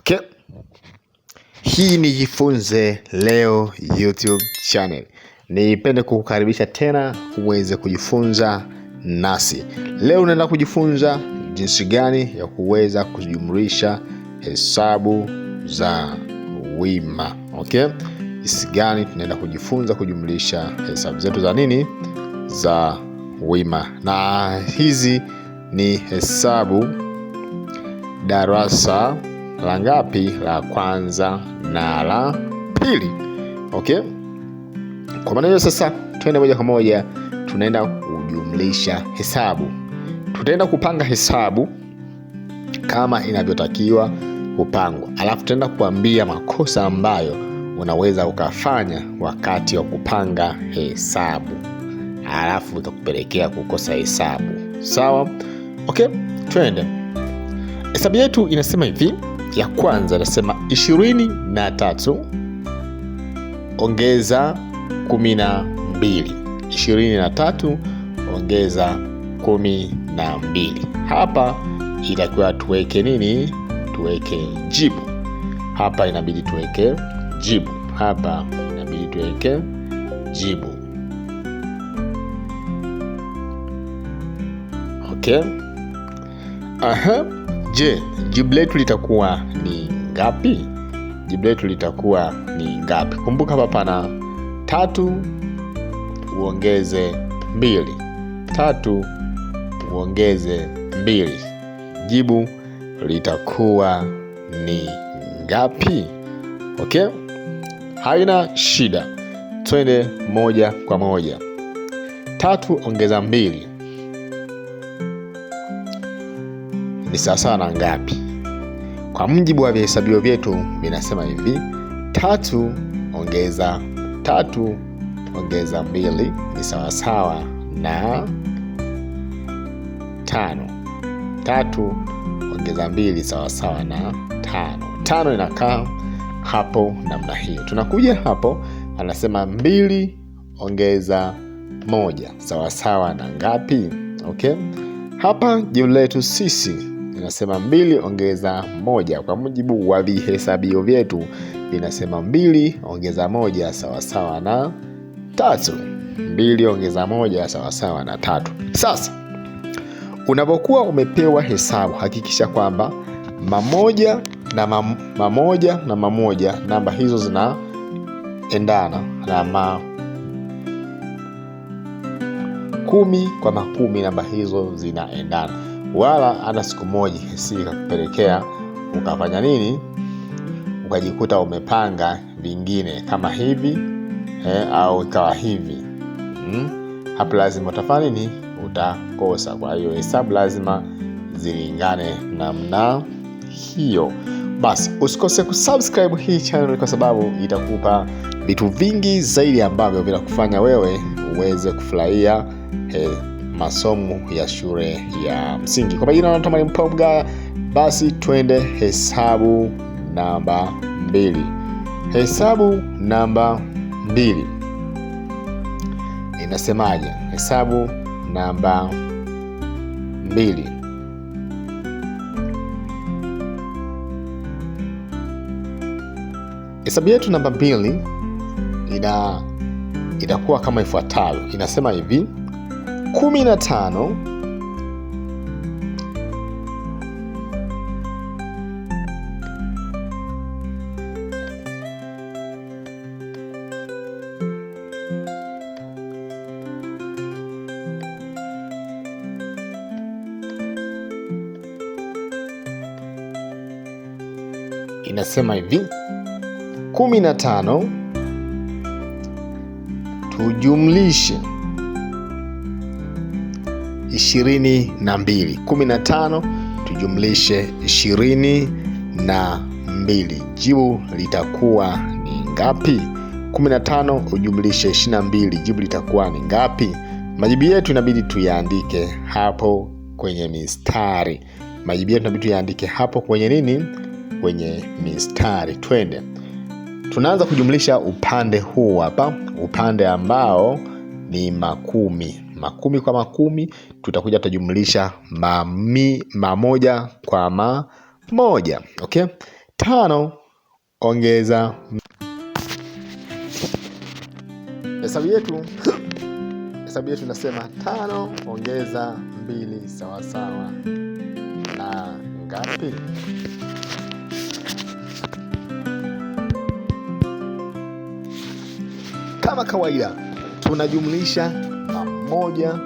Okay. Hii ni Jifunze Leo YouTube channel. Nipende kukukaribisha tena uweze kujifunza nasi. Leo unaenda kujifunza jinsi gani ya kuweza kujumlisha hesabu za wima. Okay? Jinsi gani tunaenda kujifunza kujumlisha hesabu zetu za nini? Za wima. Na hizi ni hesabu darasa la ngapi? La kwanza na la pili. Okay, kwa maana hiyo sasa tuende moja kwa moja, tunaenda kujumlisha hesabu. Tutaenda kupanga hesabu kama inavyotakiwa kupangwa, alafu tutaenda kuambia makosa ambayo unaweza ukafanya wakati wa kupanga hesabu, alafu utakupelekea kukosa hesabu. Sawa, okay, twende. Hesabu yetu inasema hivi ya kwanza nasema ishirini na tatu ongeza kumi na mbili ishirini na tatu ongeza kumi na mbili Hapa itakiwa tuweke nini? Tuweke jibu hapa, inabidi tuweke jibu hapa, inabidi tuweke jibu. Okay, aha. Je, jibu letu litakuwa ni ngapi? Jibu letu litakuwa ni ngapi? Kumbuka hapa pana tatu uongeze mbili, tatu uongeze mbili. Jibu litakuwa ni ngapi? Okay, haina shida, twende moja kwa moja. Tatu ongeza mbili ni sawasawa na ngapi? Kwa mujibu wa vihesabio vyetu vinasema hivi, tatu ongeza tatu ongeza mbili ni sawasawa na tano. Tatu ongeza mbili sawasawa na tano. Tano inakaa hapo namna hiyo. Tunakuja hapo, anasema mbili ongeza moja sawasawa na ngapi? Okay, hapa jibu letu sisi linasema mbili ongeza moja. Kwa mujibu wa vihesabio vyetu linasema mbili ongeza moja sawasawa na tatu. Mbili ongeza moja sawasawa na tatu. Sasa unapokuwa umepewa hesabu, hakikisha kwamba mamoja na mam, mamoja na mamoja, namba hizo zinaendana na ma kumi kwa makumi, namba hizo zinaendana wala hata siku moja si ikakupelekea ukafanya nini, ukajikuta umepanga vingine kama hivi eh, au ikawa hivi hmm. Hapo lazima utafanya nini? Utakosa. Kwa hiyo hesabu lazima zilingane namna hiyo. Basi usikose kusubscribe hii channel kwa sababu itakupa vitu vingi zaidi ambavyo vinakufanya wewe uweze kufurahia eh, masomo ya shule ya msingi. Kwa majina naitwa Mwalimu Paul Basi twende hesabu namba mbili. Hesabu namba mbili inasemaje? Hesabu namba mbili hesabu yetu namba mbili ina, itakuwa kama ifuatavyo. Inasema hivi: tano inasema hivi 15 tujumlishe ishirini na mbili. Kumi na tano tujumlishe ishirini na mbili, jibu litakuwa ni ngapi? 15 ujumlishe 22, jibu litakuwa ni ngapi? Majibu yetu inabidi tuyaandike hapo kwenye mistari. Majibu yetu inabidi tuyaandike hapo kwenye nini? Kwenye mistari. Twende, tunaanza kujumlisha upande huu hapa, upande ambao ni makumi makumi kwa makumi, tutakuja tutajumlisha mami, mamoja kwa mamoja. Okay, tano ongeza hesabu yetu hesabu yetu inasema tano ongeza mbili sawasawa na ngapi? Kama kawaida tunajumlisha mamoja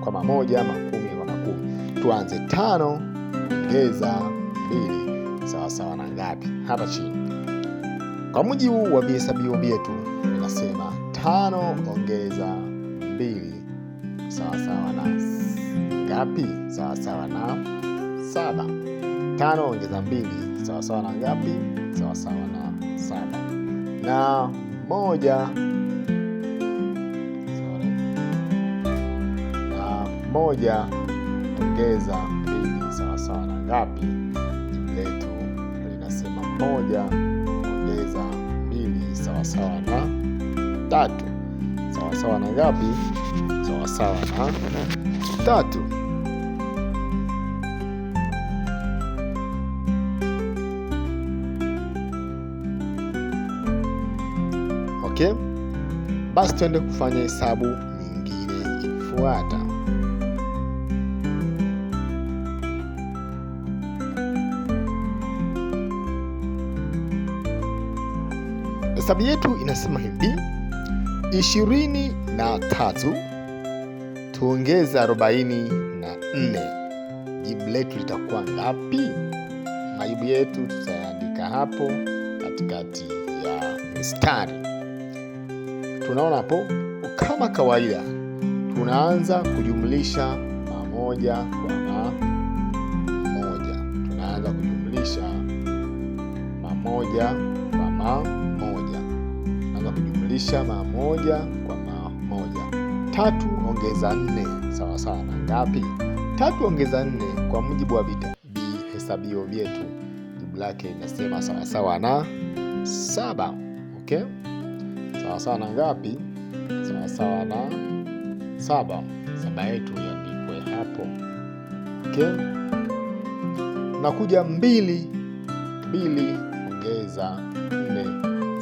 kwa mamoja, makumi kwa makumi. Tuanze tano ongeza mbili sawasawa na ngapi? Hapa chini kwa mujibu wa vihesabio vyetu inasema tano ongeza mbili sawasawa na ngapi? Sawasawa na saba. Tano ongeza mbili sawasawa na ngapi? Sawasawa na saba na moja moja ongeza mbili sawasawa na ngapi? Jibu letu linasema moja ongeza mbili sawasawa na tatu. Sawasawa na ngapi? Sawasawa na tatu. Okay, basi tuende kufanya hesabu nyingine ifuata. Hesabu yetu inasema hivi, ishirini na tatu tuongeze arobaini na nne jibu letu litakuwa ngapi? Majibu yetu tutaandika hapo katikati ya mistari. Tunaona hapo, kama kawaida, tunaanza kujumlisha mamoja kwa mamoja, tunaanza kujumlisha mamoja kwa ma kubadilisha mara moja kwa mara moja. Tatu ongeza nne sawa sawa na ngapi? Tatu ongeza nne kwa mujibu wa vihesabio vyetu jibu lake inasema sawa sawa na saba. Okay, sawa sawa na ngapi? Sawa sawa na saba. Saba yetu iandikwe hapo. Okay, nakuja mbili mbili ongeza nne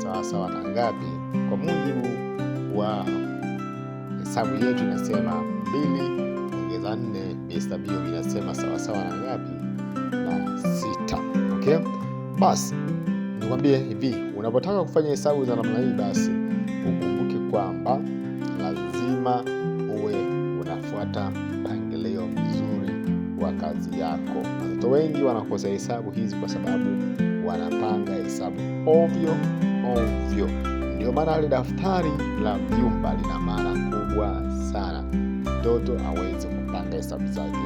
sawa sawa na ngapi? Kwa mujibu wa hesabu yetu inasema mbili ongeza nne Mr. Bill inasema sawasawa na ngapi? Na sita. Okay, basi nikwambie hivi, unapotaka kufanya hesabu za namna hii, basi ukumbuke kwamba lazima uwe unafuata mpangilio mzuri wa kazi yako. Watoto wengi wanakosa hesabu hizi kwa sababu wanapanga hesabu ovyo ovyo. Ndio maana ile daftari la mjumba lina maana kubwa sana, mtoto aweze kupanga hesabu zake.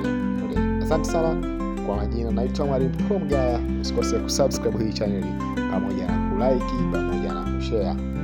Asante sana kwa majina, naitwa Mwalimu Pro Mgaya. Usikose kusubscribe hii chaneli pamoja na kulike pamoja na kushare.